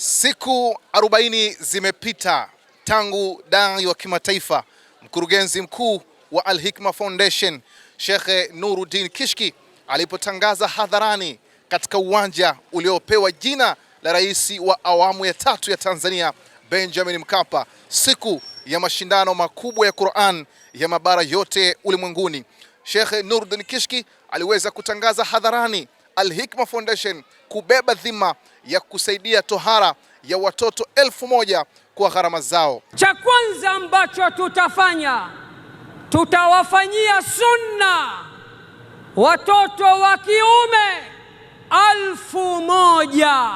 Siku 40 zimepita tangu dai wa kimataifa mkurugenzi mkuu wa Al Hikma Foundation Shekhe Nuruddin Kishki alipotangaza hadharani katika uwanja uliopewa jina la rais wa awamu ya tatu ya Tanzania Benjamin Mkapa, siku ya mashindano makubwa ya Quran ya mabara yote ulimwenguni. Shekhe Nuruddin Kishki aliweza kutangaza hadharani Al Hikma Foundation kubeba dhima ya kusaidia tohara ya watoto elfu moja kwa gharama zao. Cha kwanza ambacho tutafanya, tutawafanyia sunna watoto wa kiume elfu moja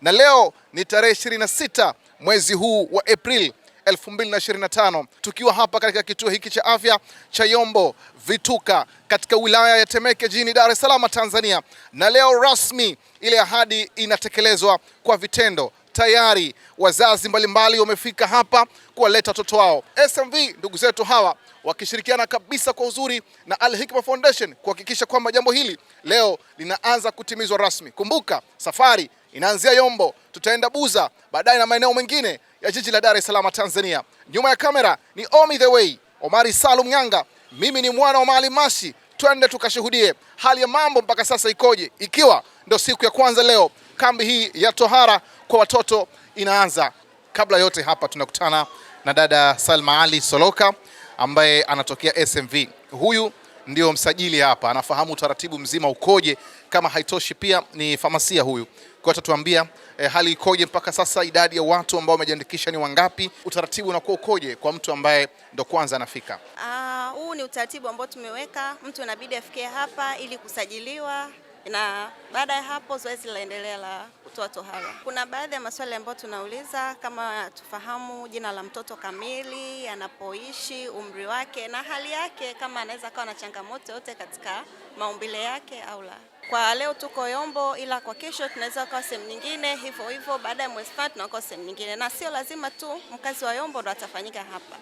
na leo ni tarehe 26 mwezi huu wa Aprili 2025 tukiwa hapa katika kituo hiki cha afya cha Yombo Vituka katika wilaya ya Temeke jijini Dar es Salaam Tanzania, na leo rasmi ile ahadi inatekelezwa kwa vitendo. Tayari wazazi mbalimbali wamefika hapa kuwaleta watoto wao. SMV ndugu zetu hawa wakishirikiana kabisa kwa uzuri na Al Hikma Foundation kuhakikisha kwamba jambo hili leo linaanza kutimizwa rasmi. Kumbuka safari inaanzia Yombo, tutaenda Buza, baadaye na maeneo mengine ya jiji la Dar es Salaam Tanzania. Nyuma ya kamera ni Omi the Way, Omari Salum nyanga mimi ni mwana wa Maalim Mashi. Twende tukashuhudie hali ya mambo mpaka sasa ikoje, ikiwa ndo siku ya kwanza leo kambi hii ya tohara kwa watoto inaanza. Kabla yote hapa tunakutana na dada Salma Ali Soloka ambaye anatokea SMV. Huyu ndio msajili hapa, anafahamu utaratibu mzima ukoje. Kama haitoshi pia ni famasia huyu, kwa atatuambia eh, hali ikoje mpaka sasa, idadi ya watu ambao wamejiandikisha ni wangapi, utaratibu unakuwa ukoje kwa mtu ambaye ndo kwanza anafika. Ah, huu uh, ni utaratibu ambao tumeweka, mtu anabidi afikie hapa ili kusajiliwa na baada ya hapo zoezi linaendelea la kutoa tohara. Kuna baadhi ya maswali ambayo tunauliza kama tufahamu jina la mtoto kamili, anapoishi, umri wake na hali yake, kama anaweza kawa na changamoto yote katika maumbile yake au la. Kwa leo tuko Yombo, ila kwa kesho tunaweza kuwa sehemu nyingine hivyo hivyo. Baada ya mwezi tunaweza kuwa sehemu nyingine, na sio lazima tu mkazi wa Yombo ndo atafanyika hapa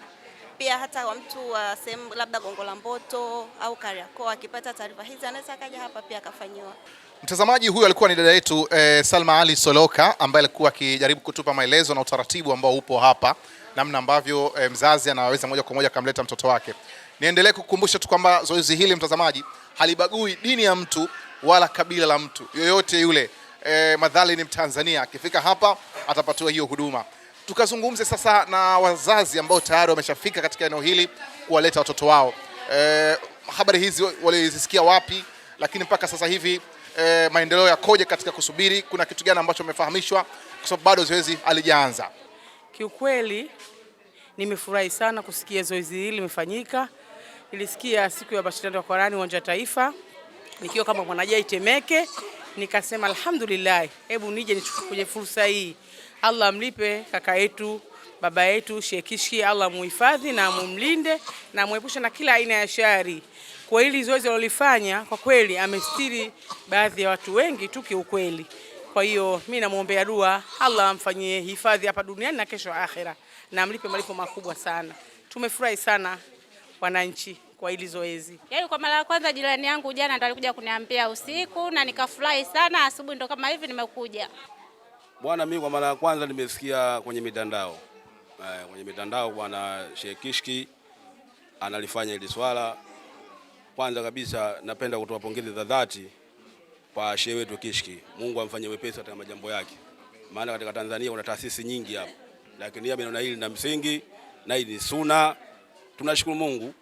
pia hata wa mtu wa sehemu labda Gongo la Mboto au Kariakoo akipata taarifa hizi anaweza akaja hapa pia akafanyiwa. Mtazamaji huyu alikuwa ni dada yetu eh, Salma Ali Soloka ambaye alikuwa akijaribu kutupa maelezo na utaratibu ambao upo hapa, namna ambavyo eh, mzazi anaweza moja kwa moja akamleta mtoto wake. Niendelee kukumbusha tu kwamba zoezi hili mtazamaji, halibagui dini ya mtu wala kabila la mtu yoyote yule. Eh, madhali ni Mtanzania akifika hapa atapatiwa hiyo huduma tukazungumze sasa na wazazi ambao tayari wameshafika katika eneo hili kuwaleta watoto wao. E, habari hizi walizisikia wapi? Lakini mpaka sasa hivi e, maendeleo yakoje katika kusubiri? Kuna kitu gani ambacho wamefahamishwa, kwa sababu bado zoezi halijaanza? Kiukweli nimefurahi sana kusikia zoezi hili limefanyika. Nilisikia siku ya mashindano ya Qur'ani uwanja wa Taifa nikiwa kama mwanajai Temeke, nikasema alhamdulillah, hebu nije nichukue fursa hii Allah mlipe kaka yetu baba yetu Shekishi, Allah muhifadhi na mumlinde na muepushe na kila aina ya shari. Kwa hili zoezi alilofanya, kwa kweli amestiri baadhi ya watu wengi tu kiukweli. Kwa hiyo mimi namwombea dua, Allah amfanyie hifadhi hapa duniani na kesho akhera, na amlipe malipo makubwa sana. Tumefurahi sana wananchi kwa hili zoezi. Yaani kwa mara ya kwanza jirani yangu jana ndo alikuja kuniambia usiku na nikafurahi sana, asubuhi ndo kama hivi nimekuja. Bwana, mimi kwa mara ya kwanza nimesikia kwenye mitandao eh, kwenye mitandao bwana Sheikh Kishki analifanya hili swala. Kwanza kabisa napenda kutoa pongezi za dhati kwa shehe wetu Kishki, Mungu amfanye wepesi katika majambo yake, maana katika Tanzania kuna taasisi nyingi hapa, lakini yeye ameona hili na msingi na hili suna. Tunashukuru Mungu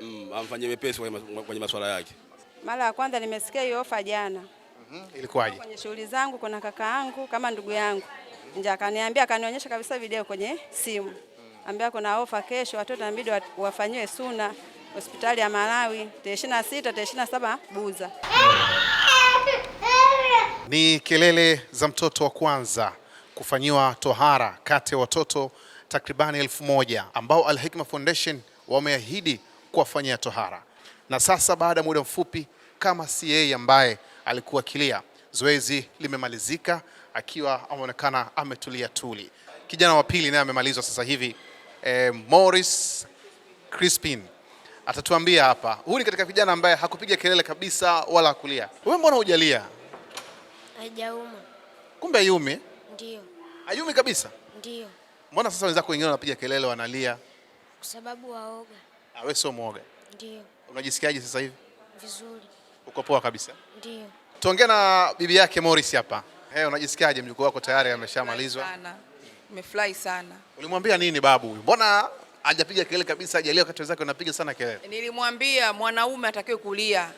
mm, amfanye wepesi kwenye masuala yake. Mara ya kwanza nimesikia hiyo ofa jana. -hmm. Ilikuwaje? Kwenye shughuli zangu kuna kaka yangu kama ndugu yangu nje akaniambia akanionyesha kabisa video kwenye simu ambia kuna ofa kesho watoto inabidi wafanyiwe suna hospitali ya Malawi tarehe ishirini na Buza. Ni kelele za mtoto wa kwanza kufanyiwa tohara kati ya watoto takribani elfu moja ambao Al Hikma Foundation wameahidi kuwafanyia tohara, na sasa baada ya muda mfupi, kama si yeye ambaye alikuwa akilia. Zoezi limemalizika akiwa ameonekana ametulia tuli. Kijana wa pili naye amemalizwa sasa hivi e, Morris Crispin atatuambia hapa. Huyu ni katika vijana ambaye hakupiga kelele kabisa wala hakulia. Wewe mbona hujalia? Haijauma. Kumbe ayumi? Ndio. Ayumi kabisa? Ndio. Mbona sasa wenzako wengine wanapiga kelele wanalia? Kwa sababu waoga. Ah, wewe sio muoga? Ndio. Unajisikiaje sasa hivi? Vizuri. Uko poa kabisa? Ndio. Tuongee na bibi yake Morris hapa. Hey, unajisikiaje? Mjukuu wako tayari ameshamalizwa. Umefurahi sana. Ulimwambia nini babu huyu? Mbona hajapiga kelele kabisa, hajalia wakati wenzake wanapiga sana kelele? Nilimwambia mwanaume atakiwe kulia.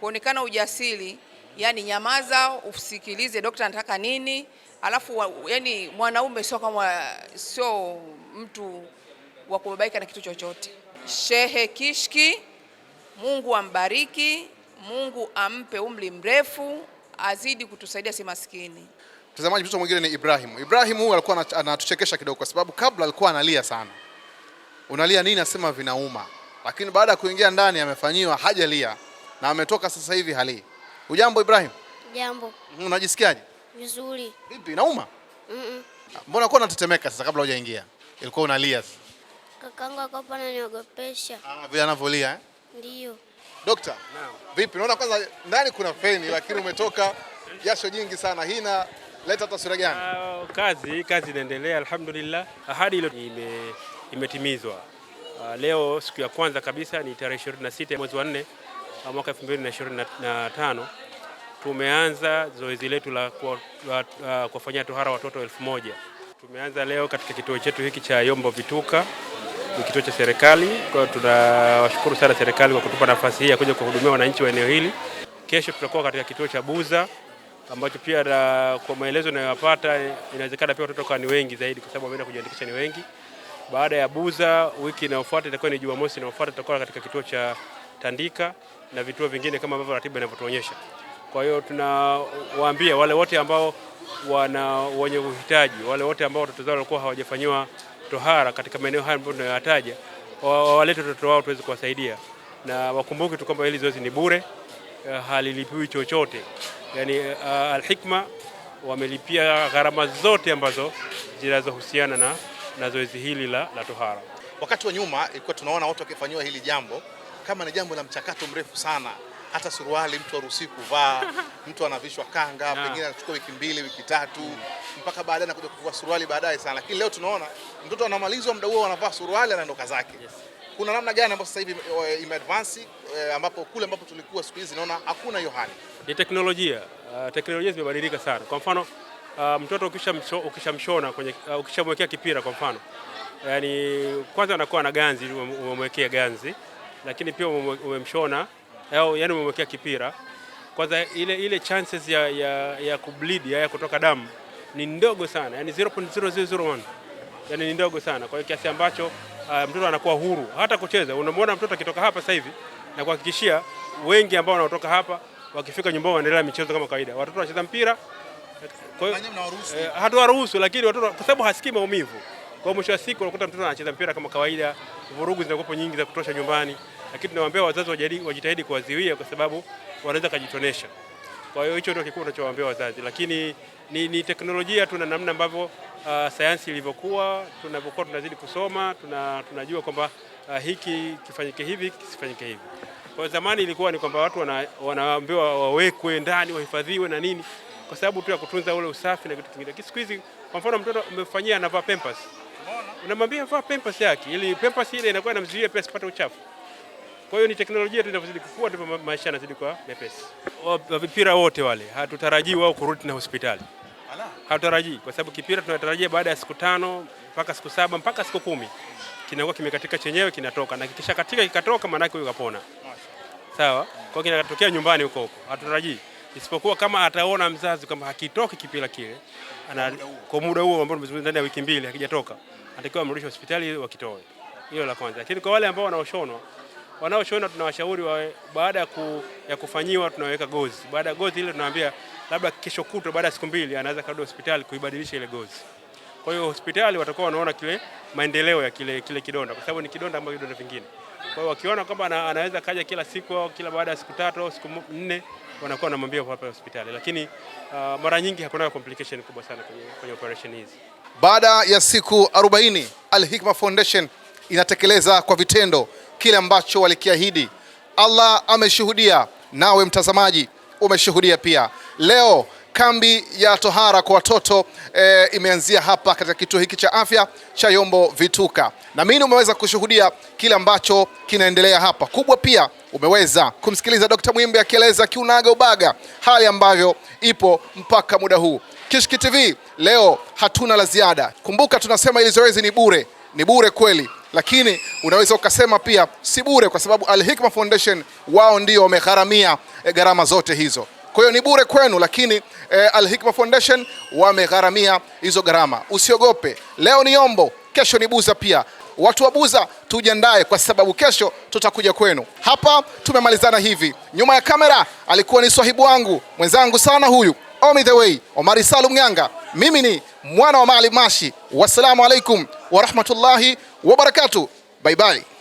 Kuonekana ujasiri, yani nyamaza, usikilize daktari anataka nini, alafu yani mwanaume sio kama sio mtu wa kubabaika na kitu chochote. Shehe Kishki, Mungu ambariki. Mungu ampe umri mrefu, azidi kutusaidia, si maskini. Mtazamaji, mtoto mwingine ni ibrahim Ibrahim huyu alikuwa anatuchekesha kidogo, kwa sababu kabla alikuwa analia sana. Unalia nini? Asema vinauma, lakini baada ya kuingia ndani amefanyiwa hajalia, na ametoka sasa hivi hali. Ujambo Ibrahim? Jambo. Mm-hmm. Unajisikiaje? Vizuri. Vipi, inauma? Mm -mm. Mbona uko unatetemeka sasa? Kabla hujaingia ilikuwa unalia. Kakangu ananiogopesha. Ah, vile anavyolia eh? Ndio. Dokta, vipi? Naona kwanza ndani kuna feni lakini umetoka jasho jingi sana. Hii inaleta taswira gani? Uh, kazi kazi inaendelea alhamdulillah. Ahadi ile ime, imetimizwa. Uh, leo siku ya kwanza kabisa ni tarehe 26 mwezi wa 4 ah, mwaka 2025 tumeanza zoezi letu la kuwafanyia uh, tohara watoto elfu moja. Tumeanza leo katika kituo chetu hiki cha Yombo Vituka ni kituo cha serikali. Kwa hiyo tunawashukuru sana serikali kwa kutupa nafasi hii ya kuja kuhudumia wananchi wa eneo hili. Kesho tutakuwa katika kituo cha Buza ambacho pia na, kwa maelezo ninayopata inawezekana pia watoto ni wengi zaidi, kwa sababu wameenda kujiandikisha ni wengi. Baada ya Buza, wiki inayofuata itakuwa ni Jumamosi inayofuata tutakuwa katika kituo cha Tandika na vituo vingine kama ambavyo ratiba inavyotuonyesha. Kwa hiyo tunawaambia wale wote ambao wana wenye uhitaji, wale wote ambao watoto zao walikuwa hawajafanyiwa tohara katika maeneo haya ambayo tunayoyataja, wawalete watoto wao tuweze kuwasaidia, na wakumbuke tu kwamba hili zoezi ni bure, eh, halilipiwi chochote. Yani eh, ah, Alhikma wamelipia gharama zote ambazo zinazohusiana na, na zoezi hili la, la tohara. Wakati wa nyuma ilikuwa tunaona watu wakifanyiwa hili jambo kama ni jambo la mchakato mrefu sana hata suruali mtu haruhusi kuvaa, mtu anavishwa kanga yeah. Pengine anachukua wiki mbili wiki tatu mpaka baadaye anakuja kuvaa suruali baadaye sana, lakini leo tunaona mtoto anamalizwa muda huo anavaa suruali anaondoka zake yes. Kuna namna gani ambayo sasa hivi eh, imeadvance eh, ambapo kule ambapo tulikuwa siku hizi naona hakuna hiyo hali ni teknolojia. Uh, teknolojia zimebadilika sana. Kwa mfano uh, mtoto ukishamshona ukishamshona kwenye uh, ukishamwekea kipira kwa mfano, yani kwanza anakuwa na ganzi, umemwekea ganzi, lakini pia umemshona au yani umemwekea kipira kwanza, ile, ile chances ya, ya, ya kubleed ya, ya kutoka damu ni ndogo sana yani 0.0001 yani ni ndogo sana, kwa hiyo kiasi ambacho uh, mtoto anakuwa huru hata kucheza. Unamwona mtoto akitoka hapa sasa hivi, na kuhakikishia wengi ambao wanaotoka hapa wakifika nyumbani wanaendelea michezo kama kawaida, watoto wanacheza mpira Kwa hiyo eh, hatuwaruhusu lakini watoto, kwa sababu hasikii maumivu, kwa mwisho wa siku unakuta mtoto anacheza mpira kama kawaida. Vurugu zinakuwa nyingi za kutosha nyumbani lakini tunawaambia wazazi wajitahidi kuwaziwia kwa sababu wanaweza kujitonesha. Kwa hiyo hicho ndio kikubwa tunachowaambia wazazi, lakini ni, ni teknolojia tuna namna ambavyo uh, sayansi ilivyokuwa, tunavyokuwa tunazidi kusoma, tuna, tunajua kwamba uh, hiki kifanyike hivi, kisifanyike hivi. Kwa zamani ilikuwa ni kwamba watu wana, wanaambiwa wawekwe ndani wahifadhiwe na nini, kwa sababu tu ya kutunza ule usafi na kitu kingine. Lakini siku hizi kwa mfano mtoto umefanyia anavaa pampers, unamwambia vaa pampers yake, ili pampers ile inakuwa inamzuia pia asipate uchafu. Kwa hiyo ni teknolojia tu inavyozidi kukua ndipo maisha yanazidi kuwa mepesi. Vipira wote wale hatutarajii wao kurudi na hospitali, hatutarajii kwa sababu kipira tunatarajia baada ya siku tano mpaka siku saba mpaka siku kumi kinakuwa kimekatika chenyewe kinatoka, na kikisha katika kikatoka, maanake huyo kapona. Sawa, kwa hiyo kinatokea nyumbani huko huko, hatutarajii isipokuwa kama ataona mzazi kama hakitoki kipira kile ana, kwa muda huo ambao tumezungumza, ndani ya wiki mbili hakijatoka, anatakiwa amrudishe hospitali wakitoe. Hilo la kwanza, lakini kwa wale ambao wanaoshonwa wanaoshona tunawashauri wawe, baada ku, ya kufanyiwa tunaweka gozi, baada ya gozi ile tunawaambia labda kesho kutwa, baada ya siku mbili anaweza kurudi hospitali kuibadilisha ile gozi. Kwa hiyo hospitali watakuwa wanaona kile maendeleo ya kile, kile kidonda, kwa sababu ni kidonda ambacho kidonda vingine. Kwa hiyo wakiona kwamba ana, anaweza kaja kila siku au kila baada ya siku tatu au siku nne wanakuwa wanamwambia hapa hospitali, lakini uh, mara nyingi hakuna complication kubwa sana kwenye, kwenye operation hizi. Baada ya siku 40 Al Hikma Foundation inatekeleza kwa vitendo kile ambacho walikiahidi. Allah ameshuhudia, nawe mtazamaji umeshuhudia pia. Leo kambi ya tohara kwa watoto e, imeanzia hapa katika kituo hiki cha afya cha Yombo Vituka, na mimi umeweza kushuhudia kile ambacho kinaendelea hapa. Kubwa pia umeweza kumsikiliza Dr. Mwimbe akieleza kiunaga ubaga hali ambavyo ipo mpaka muda huu. Kishki TV leo hatuna la ziada. Kumbuka tunasema ili zoezi ni bure, ni bure kweli lakini unaweza ukasema pia si bure, kwa sababu Al Hikma Foundation wao ndio wamegharamia eh, gharama zote hizo. Kwa hiyo ni bure kwenu, lakini eh, Al Hikma Foundation wamegharamia hizo gharama. Usiogope, leo ni Yombo, kesho ni Buza pia Watu wa Buza tujiandae, kwa sababu kesho tutakuja kwenu. Hapa tumemalizana hivi. Nyuma ya kamera alikuwa ni swahibu wangu mwenzangu sana huyu, Omi the way Omari Salum Nyanga, mimi ni mwana wa Maalim Mashi. Wassalamu alaikum warahmatullahi wabarakatuh. Bye bye.